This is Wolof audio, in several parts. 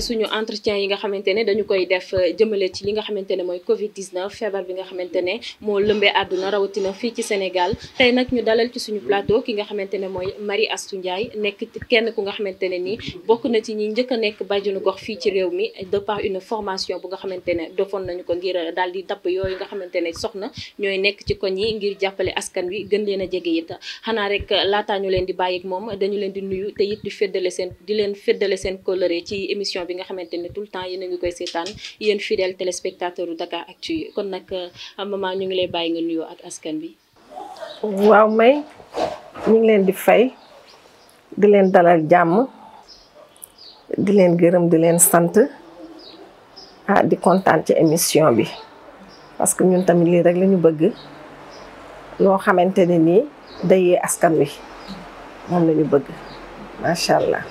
suñu entretien yi nga xamante ne dañu koy def euh, jëmale ci li nga xamante ne mooy Covid 19 feebar bi nga xamante ne moo lëmbee àdduna rawatina fii ci Sénégal tey nag ñu dalal ci suñu plateau ki nga xamante ne mooy Marie astu njaay nekk kenn ku nga xamante ne ni bokk na ci ñi njëkk a nekk nu gox fii ci réew mi de par une formation bu nga xamante ne defoon nañu ko ngir euh, daal di dapp yooyu nga xamante ne soxna ñooy nekk ci koñ yi ngir jàppale askan wi gën leen a jege it xanaa rek euh, laataa ñu leen di bàyyi moom dañu leen di nuyu te it di féddale seen di leen féddale seen coloré ci émission bi nga xamante ne tout le temps yéen a ngi koy seetaan yéen fidèle téléspectateur Dakar Actu kon nag euh, maman ñu ngi lay bàyyi nga nuyoo ak askan bi. waaw may ñu ngi leen di fay di leen dalal jàmm di leen gërëm di leen sant ah di kontaan ci émission bi parce que ñun tamit lii rek la ñu bëgg loo xamante ne nii dayee askan wi moom la ñu bëgg macha allah.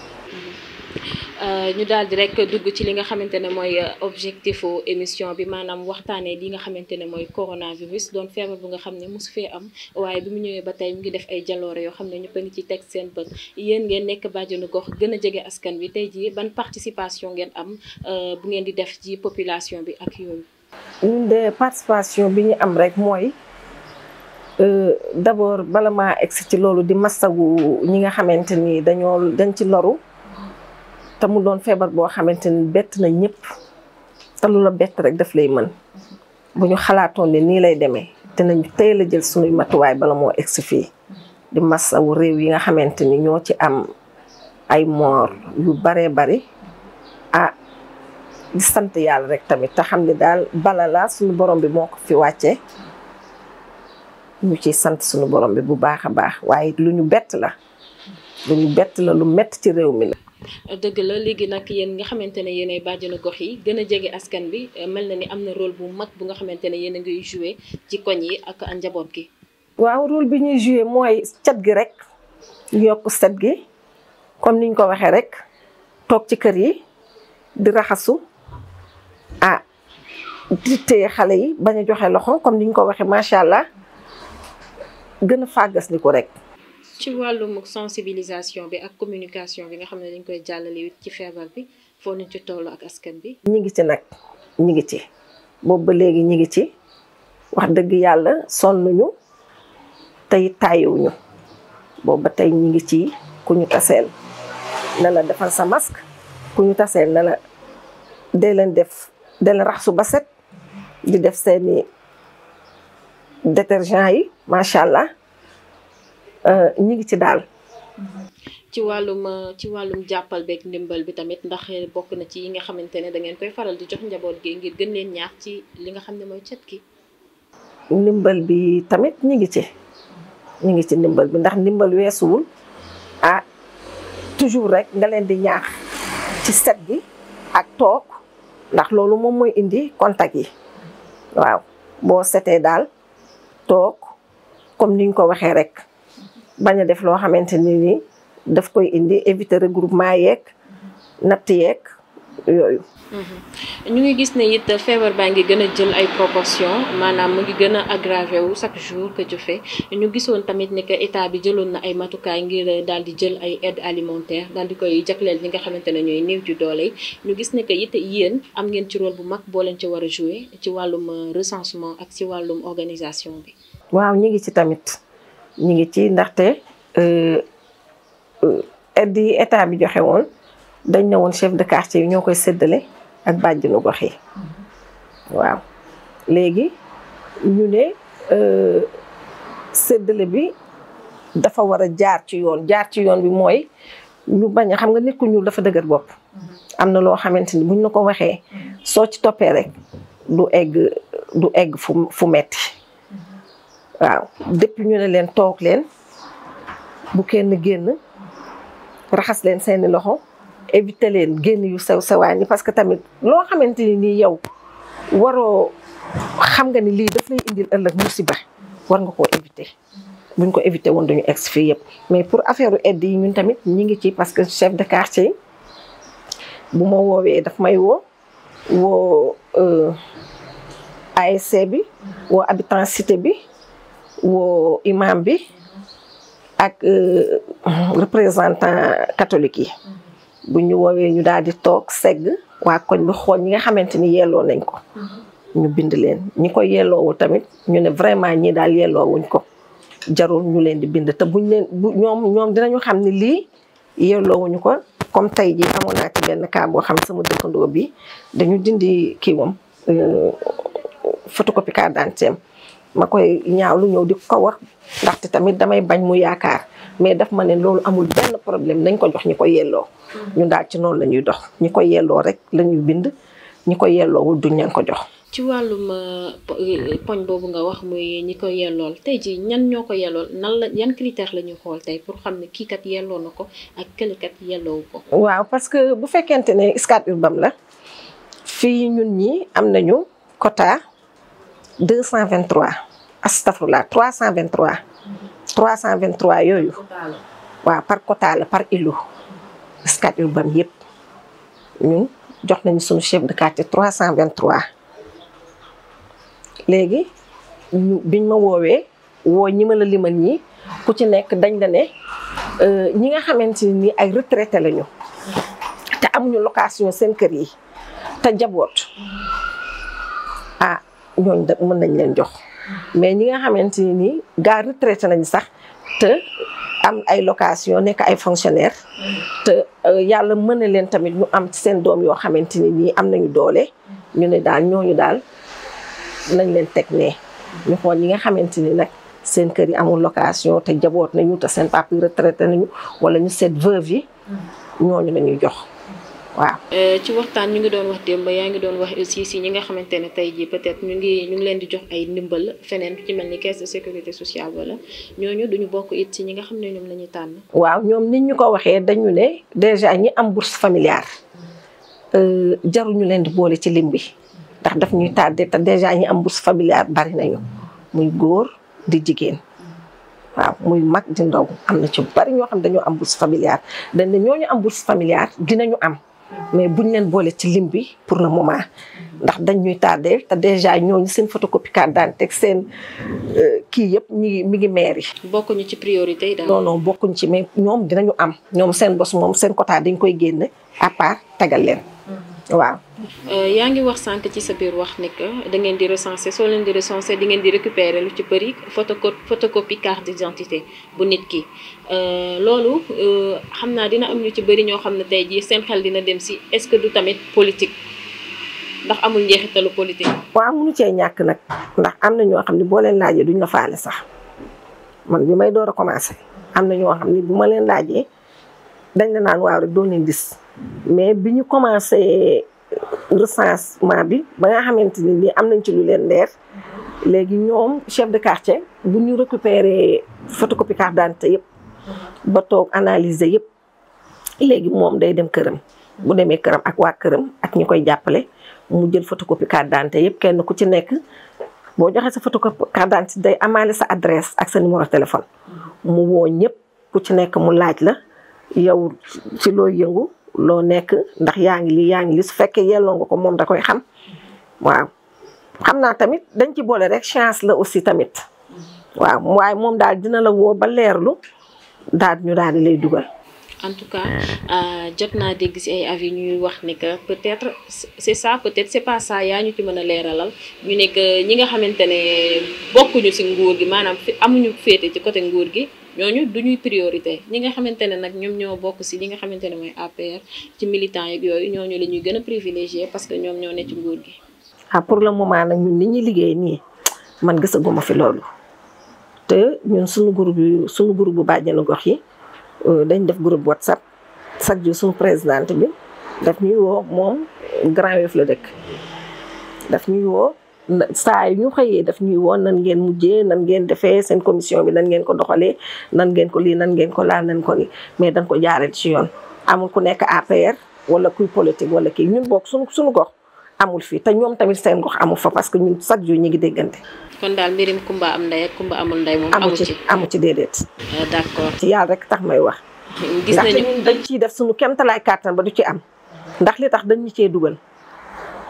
Euh, ñu daal di rek dugg ci li nga xamante ne mooy euh, objectifu émission bi maanaam waxtaanee li nga xamante ne mooy coronavirus doon feebar bu nga xam ne mosu fee am waaye bi mu ñëwee ba tey mu ngi def ay jaloore yoo xam ne ñëpp a ngi teg seen bët yéen ngeen nekk bàjjenu gox gën a jege askan bi tey jii ban participation ngeen am euh, bu ngeen di def ci population bi ak yooyu. ñun de participation bi ñu am rek mooy d'abord bala maa egsi ci loolu di masagu ñi nga xamante ni dañoo dañ ci loru. te mu doon feebar boo xamante ni bett na ñëpp te lu la bett rek daf lay man bu ñu xalaatoon ni nii lay demee dinañu teel la jël sunuy matuwaay bala moo egsi fii di masawu réew yi nga xamante ni ñoo ci am ay moor yu baree bari ah di sant yàlla rek tamit te xam ne daal bala la suñu borom bi moo ko fi wàcce ñu ciy sant suñu borom bi bu baax a baax waaye lu ñu bett la lu ñu bett la lu mett ci réew mi la dëgg la léegi nag yéen nga xamante ne yéenay bàjjenu gox yi gën a jege askan bi eh, mel na ni am na rôle bu mag bu nga xamante ne yéen a ngi joué ci koñ yi ak njaboot gi. waaw rôle bi ñuy joué mooy cet gi rek yokk set gi comme niñ ko waxee rek toog ci kër yi di raxasu ah di téye xale yi bañ a joxe loxo comme niñ ko waxee macha allah gën a fàggas ni ko rek. ci wàllum sensibilisation bi ak communication bi nga xamne dañ koy wit ci febar bi fo ñu ci tollu ak askan bi. ñi ngi ci nak ñi ngi ci bo ba legi ñi ngi ci wax nala, yàlla sonn ñu tayu ñu bo ba tay ñi ngi ci ku ñu tassel la la defal sa masque ku ñu tassel la la de len def de la raxsu ba set di def seeni détergent yi machallah Euh, ñi ngi ci dal ci walum ci walum jappal bek ndimbal bi tamit ndax bok na ci yi nga xamantene da ngeen koy faral di jox njabot gi ngir gën leen ñaax ci li nga xamne moy ciat ki bi tamit ñi ngi ci ñi ngi ci ndimbal bi ndax ndimbal weesuwul ah toujours rek nga leen di ñaax ci set gi ak tok ndax lolu mom moy indi contact yi waaw bo seté dal tok comme niñ ko waxé rek bañ a def loo xamante ni nii daf koy indi éviter regroupement yeeg natt yeeg yooyu. Mm-hmm. ñu ngi gis ne it feebar baa ngi gën a jël ay proportion maanaam mu ngi gën a aggravé wu chaque jour que tu fais ñu gisoon tamit ne que état bi jëloon na ay matukaay ngir daal di jël ay aide alimentaire daal di koy jagleel ñi nga xamante ne ñooy néew ju doole ñu gis ne que it yéen am ngeen ci rôle bu mag boo leen ci war a joué ci wàllum recensement ak ci wàllum organisation bi. ñu ngi ci ndaxte aide euh, euh, yi état bi joxe woon dañ ne woon chef de quartier yi ñoo koy séddale ak bàjjenu gox yi waaw léegi ñu ne euh, seddale bi dafa war a jaar ci yoon jaar ci yoon bi mooy ñu bañ a xam nga nit ku ñuul dafa dëgër bopp am na loo xamante ni buñ la ko waxee soo ci toppee rek du egg du egg fu fu metti waaw depuis ñu ne leen toog leen bu kenn génn raxas leen seeni loxo éviter leen génn yu sew sewaan yi parce que tamit loo xamante ni nii yow waroo xam nga ni lii daf lay indil ëllëg musiba war nga koo éviter buñ ko éviter woon duñu egg fii yëpp mais pour affaire aide yi ñun tamit ñi ngi ci parce que chef de quartier bu ma woowee daf may woo woo euh, ASC bi woo habitant cité bi woo imam bi ak euh, représentant catholique yi bu ñu woowee ñu daal di toog segg waa koñ bi xool ñi nga xamante ni yelloo nañ ko ñu bind leen ñi ko yelloowu tamit ñu ne vraiment ñi daal yelloowuñ ko jarul ñu leen di bind te buñ bu ñoom ñoom dinañu xam ne lii yelloowuñu ko comme tey ji amoon naa ci benn cas xam sama dëkkandoo bi dañu dindi kiiwam euh, photocopie carte d'identité ma koy ñaawlu ñëw di ko wax ndaxte tamit damay bañ mu yaakaar mais daf ma ne loolu amul benn problème nañ ko jox ñu ko yelloo. Mm-hmm. ñu daal ci noonu la ñuy dox ñu koy yelloo rek la ñuy bind ñi ko yelloowul duñ leen ko jox. ci wàllum euh, euh, poñ boobu nga wax muy ñi ko yellool tey ji ñan ñoo ko yellool nan la yan critère la ñuy xool tey pour xam ne kii kat yelloo na ko ak kële kat yelloowu ko. waaw parce que bu fekkente ne Scat bam la fii ñun ñi am nañu quota. 223 astaghfirullah 323 323 yoyu wa par quota la par skat yu bam yëpp ñu jox nañ suñu chef de quartier 323 léegi biñ ma wowe wo ñima la limal ñi ku ci nek dañ la euh ñi nga xamanteni ni ay retraité lañu té amuñu location seen kër yi té jabot ah ñooñu da mën nañ leen jox. mais ñi nga xamante ni gaa retraité nañ sax te am ay location nekk ay fonctionnaire te euh, yàlla mën na leen tamit ñu am seen doom yoo xamante ni nii am nañu doole. ñu ne daal ñooñu daal nañ leen teg nee. ñu xool ñi nga xamante ni nag seen kër yi amul location te jaboot nañu te seen papi retraité nañu wala ñu seet veuve yi. ñooñu la ñuy jox. waaw eh, ci waxtaan ñu ngi doon wax démb yaa ngi doon wax aussi si ñi nga xamante ne tey jii peut être ñu ngi ñu ngi leen di jox ay ndimbal feneen ci mel ni caisse de sécurité sociale wala ñooñu duñu bokk it ci ñi nga xam ne ñoom la ñuy tànn waaw ñoom nit ñu ko waxee dañu ne dèjà ñi am bourse familiale euh, jaruñu leen di boole ci lim bi ndax daf ñuy tardé te dèjà ñi am bourse familiale bari nañu muy góor di jigéen waaw muy mag di ndaw am na ci bari ñoo xam dañoo am bourse familiale dañ ne ñooñu am bourse familiale dinañu am mais buñ leen boole ci lim bi pour le moment ndax dañ ñuy tardé te déjà ñooñu seen photocopie daan teg seen euh, kii yëpp ñu ngi mi ngi maire yi. bokkuñu ci priorité yi daal. non non bokkuñ ci mais ñoom dinañu am ñoom seen bos moom seen quota dañ koy génn à tegal leen. waaw euh, yaa ngi wax sànq ci sa biir wax ne que da ngeen di recenser soo leen di recenser di ngeen di récupérer lu ci bëri photocop photocopie carte d'identité bu nit ki euh, loolu euh, xam naa dina am ñu ci bëri ñoo xam ne tey jii seen xel dina dem si est-ce que du tamit politique ndax amul njeexitalu politique. waaw munu cee ñàkk nag ndax am na ñoo xam ne boo leen laajee duñ la faale sax man bi may door a commencer am na ñoo xam ne bu ma leen laajee dañ la naan waaw rek doo leen gis mais bi ñu commencé recensement bi ba nga xamante ni nii am nañ ci lu leen leer léegi ñoom chef de quartier bu ñu récupérer photocopie carte d'identité yëpp ba toog analyser yëpp léegi moom day dem këram bu demee këram ak waa këram ak ñu koy jàppale mu jël photocopie carte d'identité yëpp kenn ku ci nekk boo joxee sa photocopie carte d'identité day amaale sa adresse ak sa numéro téléphone mu woo ñëpp ku ci nekk mu laaj la yow ci loo yëngu loo nekk ndax yaa ngi li yaa ngi li su fekkee yelloo ko moom da koy xam waaw xam naa tamit dañ ci boole rek chance la aussi tamit waaw waaye moom daal dina la wo ba leerlu daal ñu daal di lay dugal en tout cas euh, jot naa dégg si ay wax ne que peut-être c'est ça peut-être c'est pas ça yaa ñu ci mën a leeralal ñu ne ñi nga xamante ne bokkuñu si nguur gi maanaam amuñu féete ci côté nguur gi ñooñu duñuy priorité ñi nga xamante ne nag ñoom ñoo bokk si li nga xamante ne mooy APR ci militant yeeg yooyu ñooñu la ñuy gën a privilégié parce que ñoom ñoo ne ci nguur gi. ah pour le moment nag ñun ni ñuy liggéey nii man gisaguma fi loolu te ñun suñu groupe yi suñu groupe bu bàjjenu gox yi euh, dañ def groupe whatsapp chaque jour suñu présidente bi daf ñuy woo moom grand wef la dëkk daf ñuy woo saa yu ñu xëyee daf ñuy woon nan ngeen mujjee nan ngeen defee seen commission bi nan ngeen ko doxalee nan ngeen ko lii nan ngeen ko laal nan ko ni mais dañ ko jaareel ci yoon amul ku nekk APR wala kuy politique wala kii ñun bokk suñu suñu gox amul fii te ñoom tamit seen gox amul fa parce que ñun chaque jour ñu ngi déggante. kon daal mbirim kumba am ndey kumba amul ndey moom. amul ci amu ci déedéet. Euh, d'accord ci yàlla rek tax may wax. gis nañu ndax dañ ciy def suñu kéemtalaay kàttan ba du ci am. ndax li tax dañ ñu dugal.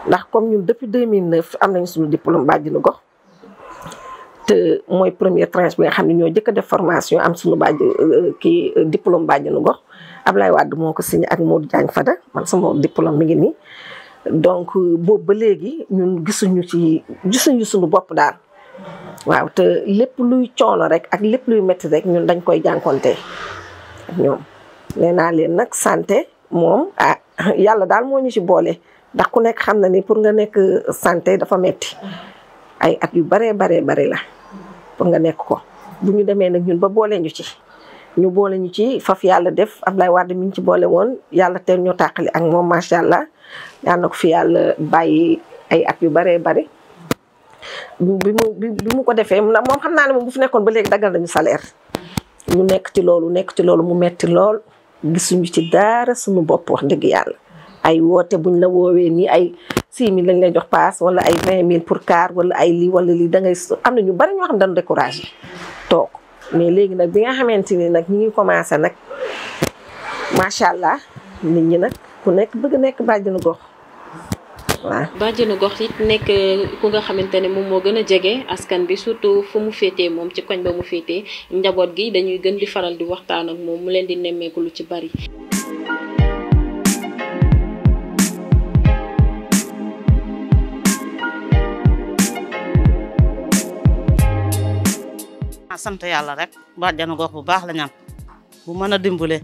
ndax comme ñun depuis 2009 am nañ suñu diplôme bàjjenu gox te mooy premier tranche bi nga xam ne ñoo jëkk a def formation am suñu bàjj euh, kii euh, diplôme bàjjenu gox Ablaye Wade moo ko signé ak Modou Diagne Fada man sama diplôme mi ngi nii. donc euh, boobu ba léegi ñun gisuñu ci gisuñu suñu bopp daal waaw te lépp luy coono rek ak lépp luy métti rek ñun dañ koy jànkonte ak ñoom nee naa leen nag sante moom ah, yàlla daal moo ñu ci boole. ndax ku nekk xam na ni pour nga nekk santé dafa metti ay at yu baree baree bari la pour nga nekk ko bu ñu demee nag ñun ba boole ñu ci ñu boole ñu ci faf yàlla def Abdoulaye Wade mi ñu ci boole woon yàlla teel ñoo tàqali ak moom macha allah yal na ko fi yàlla bàyyi ay at yu baree bari bi mu bi mu ko defee moom xam naa ne moom bu fi nekkoon ba léegi daggal nañu salaire ñu nekk ci loolu nekk ci loolu mu metti lool gisuñu ci dara suñu bopp wax dëgg yàlla ay wote buñ la wowe ni ay 6000 lañ lay jox pass wala ay 20000 pour car wala ay li wala li da ngay amna ñu bari ñoo xam dañu découragé tok mais légui nak bi nga xamanteni nak ñi ngi commencer nak machallah nit ñi nak ku nekk bëgg nekk bàjjenu gox waaw bàjjenu gox nit nekk ku nga xamanteni mom mo gëna gën askan bi surtout fu mu fété mom ci koñ ba mu fété njabot gi dañuy gën di faral di waxtaan ak mom mu leen di nemmeeku lu ci bari. xanaa sant yàlla rek jano gox bu bax la ñam bu meuna dimbulé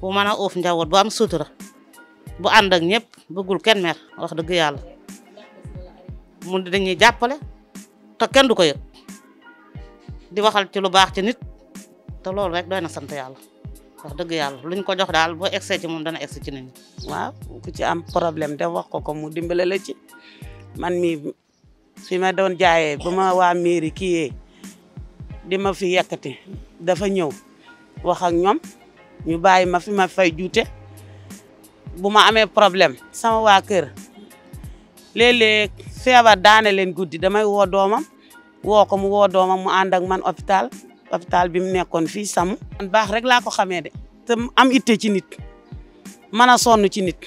bu meuna a uuf njaboot bu am sutura bu and ak ñëpp bëggul kenn mer wax dëgg yalla mu dañuy jappalé ta kenn du ko di waxal ci lu bax ci nit ta lool rek doyna na sant yàlla wax dëgg yalla luñ ko jox dal bo egsee ci moom dana egsi ci nit waaw ku ci am problème de wax ko ko mu dimbalé la ci man mi fi ma doon jaayee ma mairie kii di ma fi yëkkati dafa ñëw wax ak ñoom ñu bàyyi ma fi ma fay juute bu ma amee problème sama waa kër léeg-léeg feebar daane leen guddi damay woo doomam woo ko mu woo doomam mu ànd ak man hopital hôpital bi mu nekkoon fii samu man baax rek laa ko xamee de am itte ci nit mën a sonn ci nit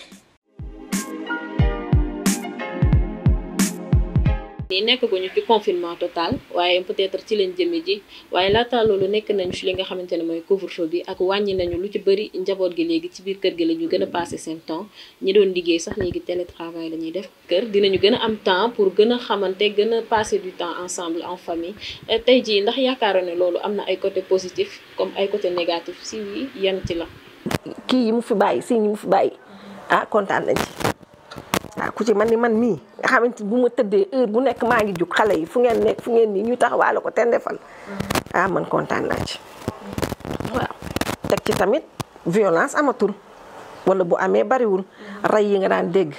ni nekkaguñu ci confinement total waaye peut-être ci leen jëme ji waaye laata loolu nekk nañu ci li nga xamante ne mooy couvre-feu bi ak wàññi nañu lu ci bëri njaboot gi léegi ci biir kër gi la ñu gën a passé seen temps ñi doon liggéey sax léegi télétravail la ñuy def kër dinañu gën am temps pour gën a xamante gën a passé du temps ensemble en famille eh, tey jii ndax yaakaaroon ne loolu am na ay côté positif comme ay coté négatif si oui yan ci la kii mu fi bàyyi si yi mu bàyyi ah kontaan nañ ci waaw ku ci man ni man mii nga xamante bu ma tëddee heure bu nekk maa ngi jug xale yi fu ngeen nekk fu ngeen nii ñu taxawaale ko ten defal mm-hmm. ah man kontaan naa ci mm-hmm. waaw teg ci tamit violence amatul wala bu amee bariwul mm-hmm. rey yi nga daan dégg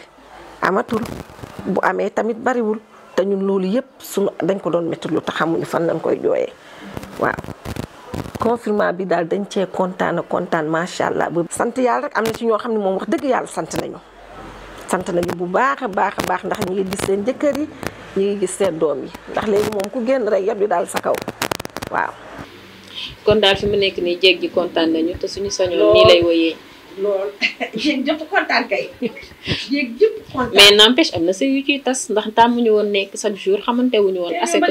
amatul bu amee tamit bariwul te ñun loolu yëpp suñu dañ ko doon métti lu te xamuñu fan lañ koy jooyee waaw confinement bi daal dañ cee kontaan kontaan macha allah. sant yàlla rek am na ci ñoo xam ne moom wax dëgg yàlla sant nañu. sant nañu bu baax a baax a baax ndax ñu ngi gis seen jëkkër yi ñu ngi gis seen doom yi ndax léegi moom ku génn rek yëpp di daal sa kaw waaw. kon daal fi mu nekk nii jéeg ji kontaan nañu te suñu sañoon nii lay woyee. lool jéeg jëpp kontaan kay mais n'empêche am na sëy yu ciy tas ndax tàmmuñu woon nekk chaque jour xamante wuñu woon. asegg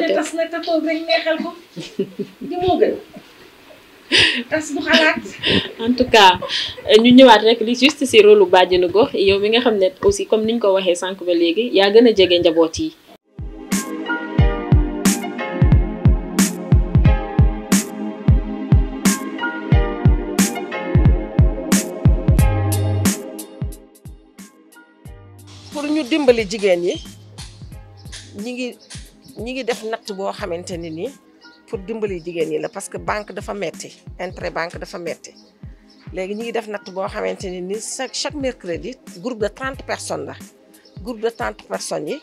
te tas bu xalaat. en tout cas ñu ñëwaat rek li juste si rôle lu bàjjenu gox yow mi nga xam ne aussi comme ni ñu ko waxee sànq ba léegi yaa gën a jege njaboot yi. pour ñu dimbali jigéen yi ñi ngi ñi ngi def natt boo xamante ni nii. pour dimbali jigéen ñi la parce que banque dafa metti intérêt banque dafa metti léegi ñu ngi def natt boo xamante ne ni chaque chaque mercredi groupe de trente personnes la groupe de trente personnes yi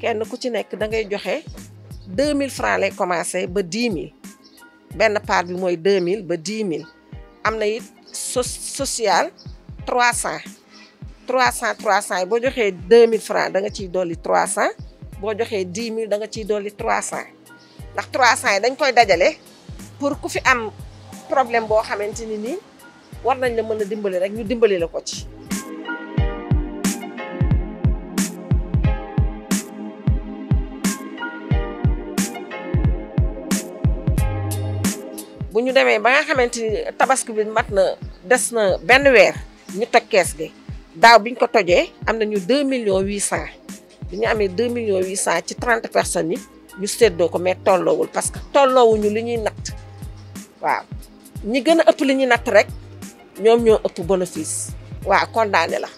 kenn ku ci nekk dangay joxe deux mille francs lay commencé ba dix mille benn part bi mooy deux mille ba dix mille am na it social trois cent trois cent trois cent yi boo joxee deux mille francs da nga ciy dolli trois cent boo joxee dix mille da nga ciy dolli trois cent ndax 300 yi dañ koy dajale pour ku fi am problème boo xamante ni nii war nañ la mën a dimbali rek ñu dimbali la ko ci. bu ñu demee ba nga xamante ni tabaski bi mat na des na benn weer ñu toj kees gi daaw bi ñu ko tojee am nañu 2 millions 800 bi ñu amee 2 millions 800 ci 30 personnes yi. ñu séddoo ko mais tolloowul parce que tolloowuñu li ñuy natt waaw ñi gën a ëpp li ñuy natt rek ñoom ñoo ëpp bénéfice waaw condamné la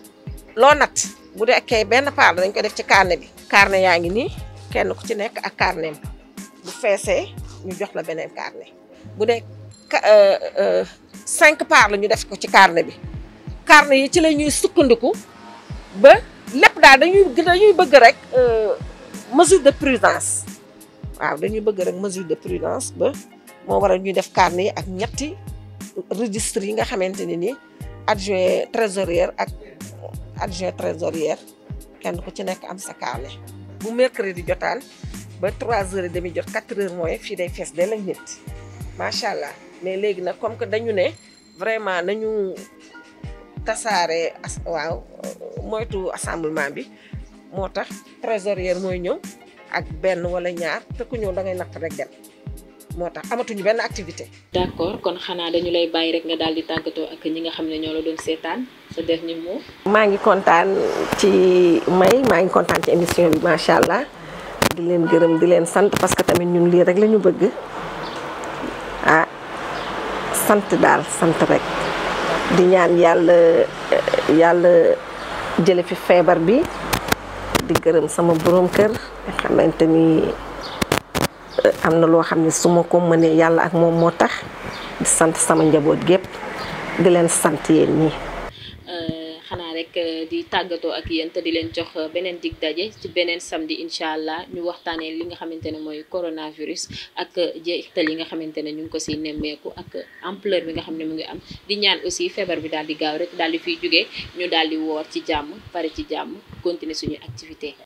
loo natt bu dee kay benn part dañ ko def ci carnet bi carnet yaa ngi nii kenn ku ci nekk ak carnet bu feesee ñu jox la beneen carnet bu dee euh, euh, cinq part la ñu def ko ci carnet bi carnet yi ci la ñuy sukkandiku ba lépp daal dañuy bëgg rek euh, mesure de prudence waaw dañuy bëgg rek mesure de prudence ba moo waral ñuy def carnet ak ñetti registre yi nga xamante ne ni adjoint trésorier ak adjoint trésorier kenn ku ci nekk am sa carnet bu mercredi jotaan ba 3 heures de demi jot quatre heures mooy fii day fees de ak nit macha allah mais léegi nag comme que dañu ne vraiment nañu tasaare as waaw moytu assemblement bi moo tax trésorier mooy ñëw. ak ben wala ñaar te ku ñew da ngay natt rek dem motax amatuñu ben activité. d'accord kon xana dañu lay bay rek nga dal di tagato ak ñi nga xamne ñoo la doon sétane sa dernier mot. ma ngi contane ci may ma ngi contane ci émission bi machallah di leen gërëm di leen sante parce que tamit ñun li rek lañu bëgg ah sante dal sante rek di ñaan yalla yalla jëlé fi feebar bi di gërëm sama borom kër. xamante ni eh, am na loo xam ne su ma ko mënee yàlla ak moom moo tax di sant sama njaboot gépp di leen sant yéen ñi eh, xanaa rek eh, di tàggatoo ak yéen di leen jox beneen dig daje ci beneen samedi incha allah ñu waxtaanee li nga xamante ne mooy coronavirus ak jeexital yi nga xamante ne ñu ngi ko siy nemmeeku ak ampleur bi nga xam ne mu ngi am di ñaan aussi feebar bi daal di gaaw rek daal di fiy jógee ñu daal di woor ci jàmm pare ci jàmm continuer suñuy activité